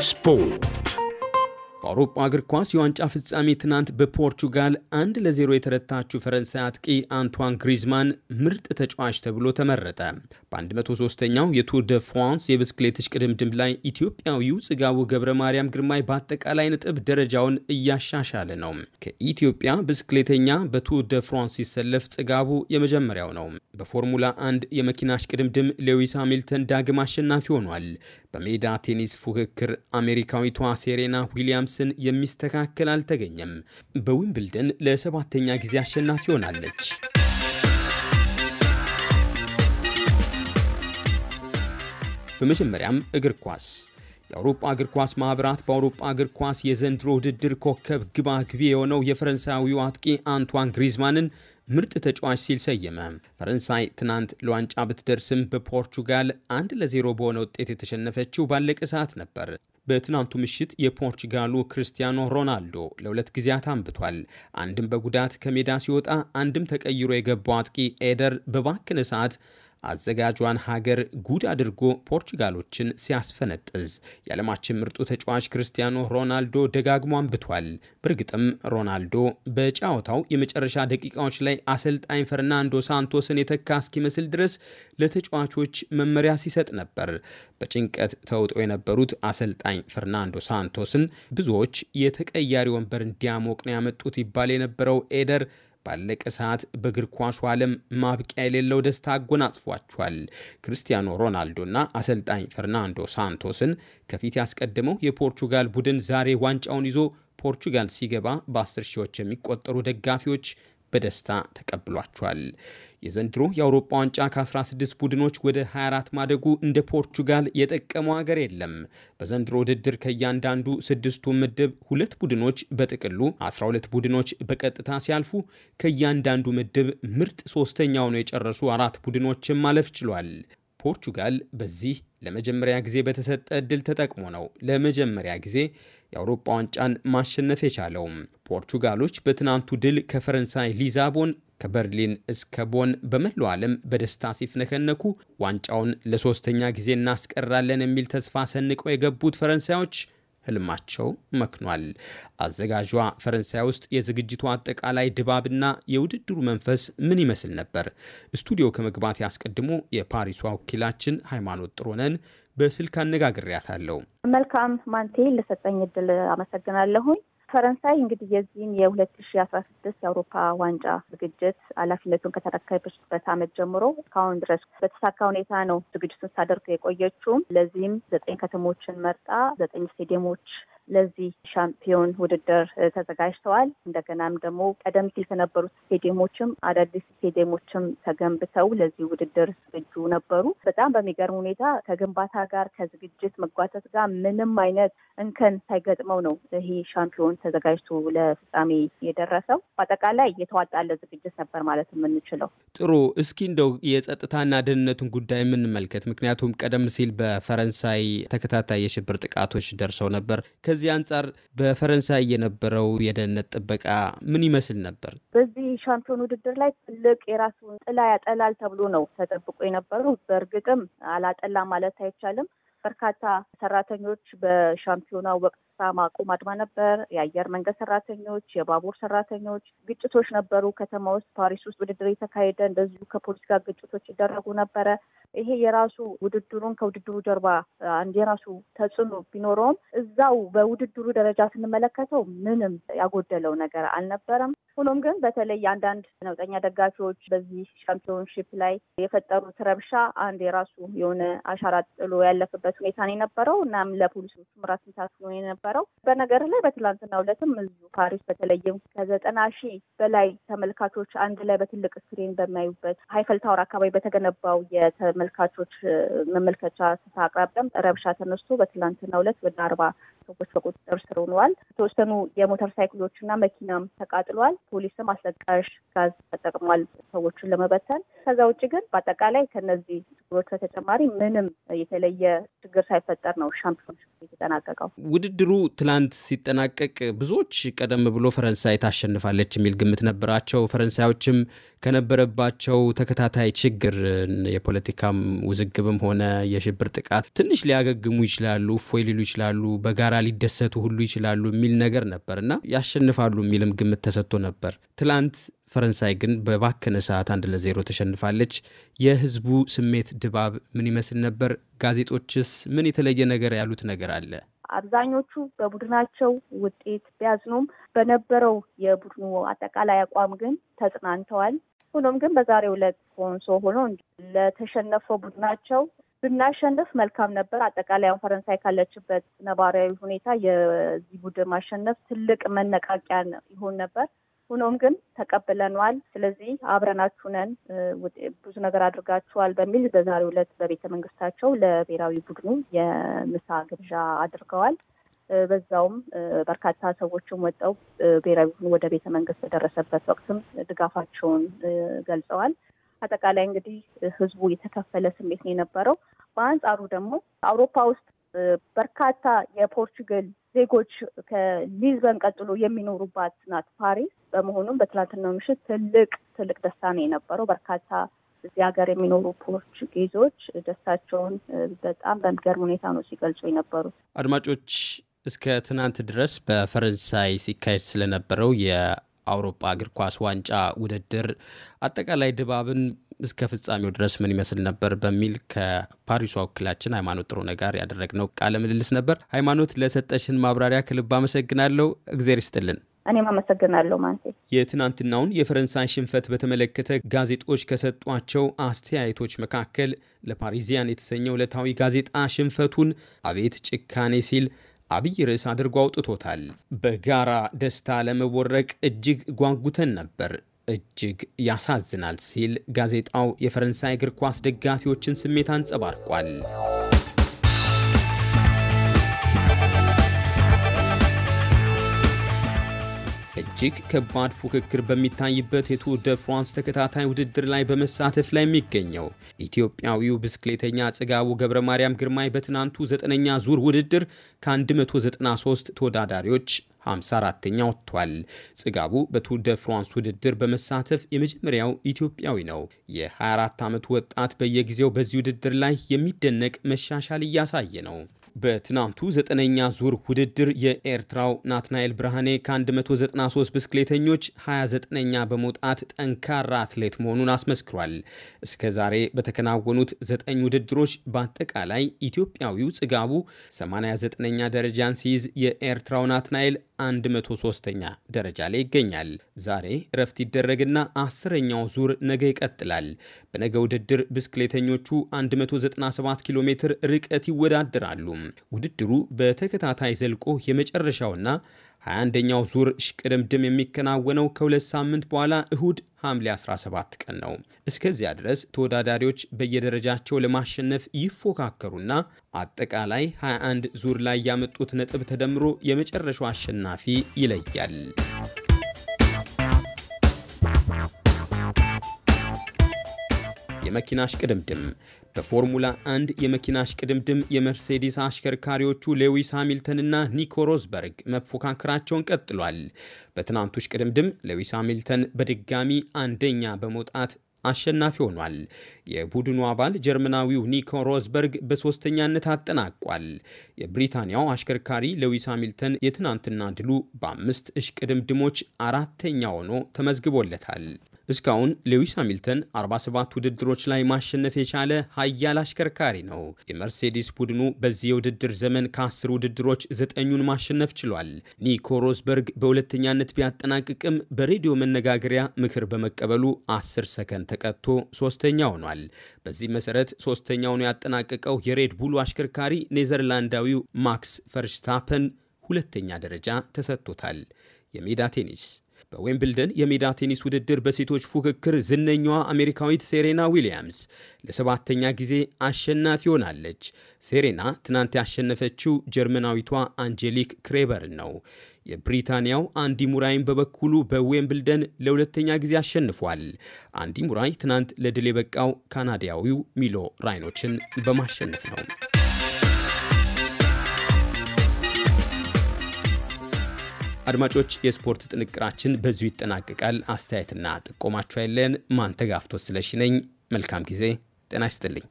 Sport. በአውሮፓ እግር ኳስ የዋንጫ ፍጻሜ ትናንት በፖርቹጋል አንድ ለዜሮ የተረታችው ፈረንሳይ አጥቂ አንቷን ግሪዝማን ምርጥ ተጫዋች ተብሎ ተመረጠ። በ103ኛው የቱር ደ ፍራንስ የብስክሌቶች ቅድምድም ላይ ኢትዮጵያዊው ጽጋቡ ገብረ ማርያም ግርማይ በአጠቃላይ ነጥብ ደረጃውን እያሻሻለ ነው። ከኢትዮጵያ ብስክሌተኛ በቱር ደ ፍራንስ ሲሰለፍ ጽጋቡ የመጀመሪያው ነው። በፎርሙላ አንድ የመኪና እሽቅድምድም ሌዊስ ሃሚልተን ዳግም አሸናፊ ሆኗል። በሜዳ ቴኒስ ፉክክር አሜሪካዊቷ ሴሬና ዊሊያምስ ዊሊያምስን የሚስተካከል አልተገኘም። በዊምብልደን ለሰባተኛ ጊዜ አሸናፊ ሆናለች። በመጀመሪያም እግር ኳስ የአውሮፓ እግር ኳስ ማኅበራት በአውሮፓ እግር ኳስ የዘንድሮ ውድድር ኮከብ ግባ ግቢ የሆነው የፈረንሳዊው አጥቂ አንቷን ግሪዝማንን ምርጥ ተጫዋች ሲል ሰየመ። ፈረንሳይ ትናንት ለዋንጫ ብትደርስም በፖርቹጋል አንድ ለዜሮ በሆነ ውጤት የተሸነፈችው ባለቀ ሰዓት ነበር። በትናንቱ ምሽት የፖርቹጋሉ ክርስቲያኖ ሮናልዶ ለሁለት ጊዜያት አንብቷል። አንድም በጉዳት ከሜዳ ሲወጣ፣ አንድም ተቀይሮ የገባው አጥቂ ኤደር በባክነ ሰዓት አዘጋጇን ሀገር ጉድ አድርጎ ፖርቹጋሎችን ሲያስፈነጥዝ የዓለማችን ምርጡ ተጫዋች ክርስቲያኖ ሮናልዶ ደጋግሞ አንብቷል። በእርግጥም ሮናልዶ በጨዋታው የመጨረሻ ደቂቃዎች ላይ አሰልጣኝ ፈርናንዶ ሳንቶስን የተካ እስኪመስል ድረስ ለተጫዋቾች መመሪያ ሲሰጥ ነበር። በጭንቀት ተውጠው የነበሩት አሰልጣኝ ፈርናንዶ ሳንቶስን ብዙዎች የተቀያሪ ወንበር እንዲያሞቅ ነው ያመጡት ይባል የነበረው ኤደር ባለቀ ሰዓት በእግር ኳሱ ዓለም ማብቂያ የሌለው ደስታ አጎናጽፏቸዋል። ክርስቲያኖ ሮናልዶና አሰልጣኝ ፈርናንዶ ሳንቶስን ከፊት ያስቀድመው የፖርቹጋል ቡድን ዛሬ ዋንጫውን ይዞ ፖርቹጋል ሲገባ በአስር ሺዎች የሚቆጠሩ ደጋፊዎች በደስታ ተቀብሏቸዋል። የዘንድሮ የአውሮፓ ዋንጫ ከ16 ቡድኖች ወደ 24 ማደጉ እንደ ፖርቹጋል የጠቀመው ሀገር የለም። በዘንድሮ ውድድር ከእያንዳንዱ ስድስቱ ምድብ ሁለት ቡድኖች በጥቅሉ 12 ቡድኖች በቀጥታ ሲያልፉ ከእያንዳንዱ ምድብ ምርጥ ሶስተኛ ሆነው የጨረሱ አራት ቡድኖችን ማለፍ ችሏል። ፖርቹጋል በዚህ ለመጀመሪያ ጊዜ በተሰጠ እድል ተጠቅሞ ነው ለመጀመሪያ ጊዜ የአውሮፓ ዋንጫን ማሸነፍ የቻለው። ፖርቹጋሎች በትናንቱ ድል ከፈረንሳይ ሊዛቦን ከበርሊን እስከ ቦን በመላው ዓለም በደስታ ሲፍነከነኩ ዋንጫውን ለሶስተኛ ጊዜ እናስቀራለን የሚል ተስፋ ሰንቀው የገቡት ፈረንሳዮች ህልማቸው መክኗል። አዘጋጇ ፈረንሳይ ውስጥ የዝግጅቱ አጠቃላይ ድባብና የውድድሩ መንፈስ ምን ይመስል ነበር? ስቱዲዮ ከመግባት ያስቀድሞ የፓሪሷ ወኪላችን ሃይማኖት ጥሩነን በስልክ አነጋግሬያታለሁ። መልካም ማንቴ ለሰጠኝ እድል አመሰግናለሁኝ። ፈረንሳይ እንግዲህ የዚህን የ ሺ የአውሮፓ ዋንጫ ዝግጅት ኃላፊነቱን ከተረከበችበት አመት ጀምሮ እስካሁን ድረስ በተሳካ ሁኔታ ነው ዝግጅቱን ሳደርግ የቆየችውም። ለዚህም ዘጠኝ ከተሞችን መርጣ ዘጠኝ ስቴዲየሞች ለዚህ ሻምፒዮን ውድድር ተዘጋጅተዋል። እንደገናም ደግሞ ቀደም ሲል ከነበሩት ስቴዲየሞችም አዳዲስ ስቴዲየሞችም ተገንብተው ለዚህ ውድድር ዝግጁ ነበሩ። በጣም በሚገርም ሁኔታ ከግንባታ ጋር ከዝግጅት መጓተት ጋር ምንም አይነት እንከን ሳይገጥመው ነው ይሄ ሻምፒዮን ተዘጋጅቶ ለፍጻሜ የደረሰው። በአጠቃላይ የተዋጣለ ዝግጅት ነበር ማለት የምንችለው። ጥሩ። እስኪ እንደው የጸጥታና ደህንነቱን ጉዳይ የምንመልከት፣ ምክንያቱም ቀደም ሲል በፈረንሳይ ተከታታይ የሽብር ጥቃቶች ደርሰው ነበር። ከዚህ አንጻር በፈረንሳይ የነበረው የደህንነት ጥበቃ ምን ይመስል ነበር? በዚህ ሻምፒዮን ውድድር ላይ ትልቅ የራሱን ጥላ ያጠላል ተብሎ ነው ተጠብቆ የነበረው። በእርግጥም አላጠላ ማለት አይቻልም። በርካታ ሰራተኞች በሻምፒዮና ወቅት ስራ ማቆም አድማ ነበር። የአየር መንገድ ሰራተኞች፣ የባቡር ሰራተኞች፣ ግጭቶች ነበሩ። ከተማ ውስጥ ፓሪስ ውስጥ ውድድር የተካሄደ እንደዚሁ ከፖሊስ ጋር ግጭቶች ይደረጉ ነበረ። ይሄ የራሱ ውድድሩን ከውድድሩ ጀርባ አንድ የራሱ ተጽዕኖ ቢኖረውም እዛው በውድድሩ ደረጃ ስንመለከተው ምንም ያጎደለው ነገር አልነበረም። ሆኖም ግን በተለይ አንዳንድ ነውጠኛ ደጋፊዎች በዚህ ሻምፒዮንሺፕ ላይ የፈጠሩት ረብሻ አንድ የራሱ የሆነ አሻራ ጥሎ ያለፍበት ሁኔታ ነው የነበረው። እናም ለፖሊሶቹ ምራት ምታት ነው የነበረው። የነበረው። በነገር ላይ በትላንትና ሁለትም እዚሁ ፓሪስ በተለይም ከዘጠና ሺህ በላይ ተመልካቾች አንድ ላይ በትልቅ ስክሪን በሚያዩበት ሀይፈል ታወር አካባቢ በተገነባው የተመልካቾች መመልከቻ ስፍራ አቅራቢያም ረብሻ ተነስቶ በትላንትና ሁለት ወደ አርባ ሰዎች በቁጥጥር ስር ውለዋል። የተወሰኑ የሞተር ሳይክሎችና መኪናም ተቃጥሏል። ፖሊስም አስለቃሽ ጋዝ ተጠቅሟል ሰዎቹን ለመበተን። ከዛ ውጭ ግን በአጠቃላይ ከነዚህ ችግሮች በተጨማሪ ምንም የተለየ ችግር ሳይፈጠር ነው ሻምፒዮን የተጠናቀቀው። ውድድሩ ትላንት ሲጠናቀቅ ብዙዎች ቀደም ብሎ ፈረንሳይ ታሸንፋለች የሚል ግምት ነበራቸው። ፈረንሳዮችም ከነበረባቸው ተከታታይ ችግር የፖለቲካም ውዝግብም ሆነ የሽብር ጥቃት ትንሽ ሊያገግሙ ይችላሉ፣ እፎይ ሊሉ ይችላሉ፣ በጋራ ሊደሰቱ ሁሉ ይችላሉ የሚል ነገር ነበር እና ያሸንፋሉ የሚልም ግምት ተሰጥቶ ነበር። ትላንት ፈረንሳይ ግን በባከነ ሰዓት አንድ ለዜሮ ተሸንፋለች። የህዝቡ ስሜት ድባብ ምን ይመስል ነበር? ጋዜጦችስ ምን የተለየ ነገር ያሉት ነገር አለ? አብዛኞቹ በቡድናቸው ውጤት ቢያዝኑም በነበረው የቡድኑ አጠቃላይ አቋም ግን ተጽናንተዋል። ሆኖም ግን በዛሬው ዕለት ኮንሶ ሆኖ ለተሸነፈው ቡድናቸው ብናሸንፍ መልካም ነበር። አጠቃላይ ፈረንሳይ ካለችበት ነባራዊ ሁኔታ የዚህ ቡድን ማሸነፍ ትልቅ መነቃቂያ ይሆን ነበር። ሆኖም ግን ተቀብለነዋል። ስለዚህ አብረናችሁ ነን፣ ብዙ ነገር አድርጋችኋል በሚል በዛሬው ዕለት በቤተ መንግስታቸው ለብሔራዊ ቡድኑ የምሳ ግብዣ አድርገዋል። በዛውም በርካታ ሰዎችም ወጠው ብሔራዊ ቡድኑ ወደ ቤተ መንግስት በደረሰበት ወቅትም ድጋፋቸውን ገልጸዋል። አጠቃላይ እንግዲህ ህዝቡ የተከፈለ ስሜት ነው የነበረው። በአንጻሩ ደግሞ አውሮፓ ውስጥ በርካታ የፖርቹጋል ዜጎች ከሊዝበን ቀጥሎ የሚኖሩባት ናት ፓሪስ። በመሆኑም በትላንትናው ምሽት ትልቅ ትልቅ ደስታ ነው የነበረው። በርካታ እዚህ ሀገር የሚኖሩ ፖርቹጌዞች ደስታቸውን በጣም በሚገርም ሁኔታ ነው ሲገልጹ የነበሩት። አድማጮች እስከ ትናንት ድረስ በፈረንሳይ ሲካሄድ ስለነበረው የአውሮፓ እግር ኳስ ዋንጫ ውድድር አጠቃላይ ድባብን እስከ ፍጻሜው ድረስ ምን ይመስል ነበር በሚል ከፓሪሷ ወክላችን ሃይማኖት ጥሩነ ጋር ያደረግነው ቃለ ምልልስ ነበር። ሃይማኖት ለሰጠሽን ማብራሪያ ከልብ አመሰግናለሁ። እግዜር ይስጥልን። እኔም አመሰግናለሁ ማንሴ። የትናንትናውን የፈረንሳይ ሽንፈት በተመለከተ ጋዜጦች ከሰጧቸው አስተያየቶች መካከል ለፓሪዚያን የተሰኘው ዕለታዊ ጋዜጣ ሽንፈቱን አቤት ጭካኔ ሲል አብይ ርዕስ አድርጎ አውጥቶታል። በጋራ ደስታ ለመቦረቅ እጅግ ጓጉተን ነበር እጅግ ያሳዝናል ሲል ጋዜጣው የፈረንሳይ እግር ኳስ ደጋፊዎችን ስሜት አንጸባርቋል። እጅግ ከባድ ፉክክር በሚታይበት የቱ ደ ፍራንስ ተከታታይ ውድድር ላይ በመሳተፍ ላይ የሚገኘው ኢትዮጵያዊው ብስክሌተኛ ጽጋቡ ገብረ ማርያም ግርማይ በትናንቱ ዘጠነኛ ዙር ውድድር ከ193 ተወዳዳሪዎች 54ኛ ወጥቷል። ጽጋቡ ደ ፍራንስ ውድድር በመሳተፍ የመጀመሪያው ኢትዮጵያዊ ነው። የ24 ዓመቱ ወጣት በየጊዜው በዚህ ውድድር ላይ የሚደነቅ መሻሻል እያሳየ ነው። በትናንቱ ዘጠነኛ ዙር ውድድር የኤርትራው ናትናኤል ብርሃኔ ከ193 ብስክሌተኞች 29ኛ በመውጣት ጠንካራ አትሌት መሆኑን አስመስክሯል። እስከ ዛሬ በተከናወኑት ዘጠኝ ውድድሮች በአጠቃላይ ኢትዮጵያዊው ጽጋቡ 89ኛ ደረጃን ሲይዝ የኤርትራው ናትናኤል 103ኛ ደረጃ ላይ ይገኛል። ዛሬ እረፍት ይደረግና አስረኛው ዙር ነገ ይቀጥላል። በነገ ውድድር ብስክሌተኞቹ 197 ኪሎ ሜትር ርቀት ይወዳደራሉ። ውድድሩ በተከታታይ ዘልቆ የመጨረሻውና 21ኛው ዙር ሽቅድምድም የሚከናወነው ከሁለት ሳምንት በኋላ እሁድ ሐምሌ 17 ቀን ነው። እስከዚያ ድረስ ተወዳዳሪዎች በየደረጃቸው ለማሸነፍ ይፎካከሩና አጠቃላይ 21 ዙር ላይ ያመጡት ነጥብ ተደምሮ የመጨረሻው አሸናፊ ይለያል። የመኪና አሽቅድምድም በፎርሙላ 1 የመኪና አሽቅድምድም የመርሴዲስ አሽከርካሪዎቹ ሌዊስ ሃሚልተንና ኒኮ ሮዝበርግ መፎካከራቸውን ቀጥሏል። በትናንቱ ቅድምድም ሌዊስ ሃሚልተን በድጋሚ አንደኛ በመውጣት አሸናፊ ሆኗል። የቡድኑ አባል ጀርመናዊው ኒኮ ሮዝበርግ በሶስተኛነት አጠናቋል። የብሪታንያው አሽከርካሪ ሌዊስ ሃሚልተን የትናንትና ድሉ በአምስት እሽቅድምድሞች አራተኛ ሆኖ ተመዝግቦለታል። እስካሁን ሌዊስ ሃሚልተን 47 ውድድሮች ላይ ማሸነፍ የቻለ ሀያል አሽከርካሪ ነው። የመርሴዲስ ቡድኑ በዚህ የውድድር ዘመን ከአስር ውድድሮች ዘጠኙን ማሸነፍ ችሏል። ኒኮ ሮዝበርግ በሁለተኛነት ቢያጠናቅቅም በሬዲዮ መነጋገሪያ ምክር በመቀበሉ 10 ሰከንድ ተቀጥቶ ሶስተኛ ሆኗል። በዚህ መሰረት ሶስተኛውን ያጠናቀቀው የሬድ ቡሉ አሽከርካሪ ኔዘርላንዳዊው ማክስ ፈርሽታፐን ሁለተኛ ደረጃ ተሰጥቶታል። የሜዳ ቴኒስ በዌምብልደን የሜዳ ቴኒስ ውድድር በሴቶች ፉክክር ዝነኛዋ አሜሪካዊት ሴሬና ዊሊያምስ ለሰባተኛ ጊዜ አሸናፊ ሆናለች። ሴሬና ትናንት ያሸነፈችው ጀርመናዊቷ አንጀሊክ ክሬበርን ነው። የብሪታንያው አንዲ ሙራይን በበኩሉ በዌምብልደን ለሁለተኛ ጊዜ አሸንፏል። አንዲ ሙራይ ትናንት ለድል የበቃው ካናዳዊው ሚሎ ራይኖችን በማሸነፍ ነው። አድማጮች፣ የስፖርት ጥንቅራችን በዙ ይጠናቀቃል። አስተያየትና ጥቆማቸው ያለን ማንተጋፍቶ ስለሽነኝ መልካም ጊዜ። ጤና ይስጥልኝ።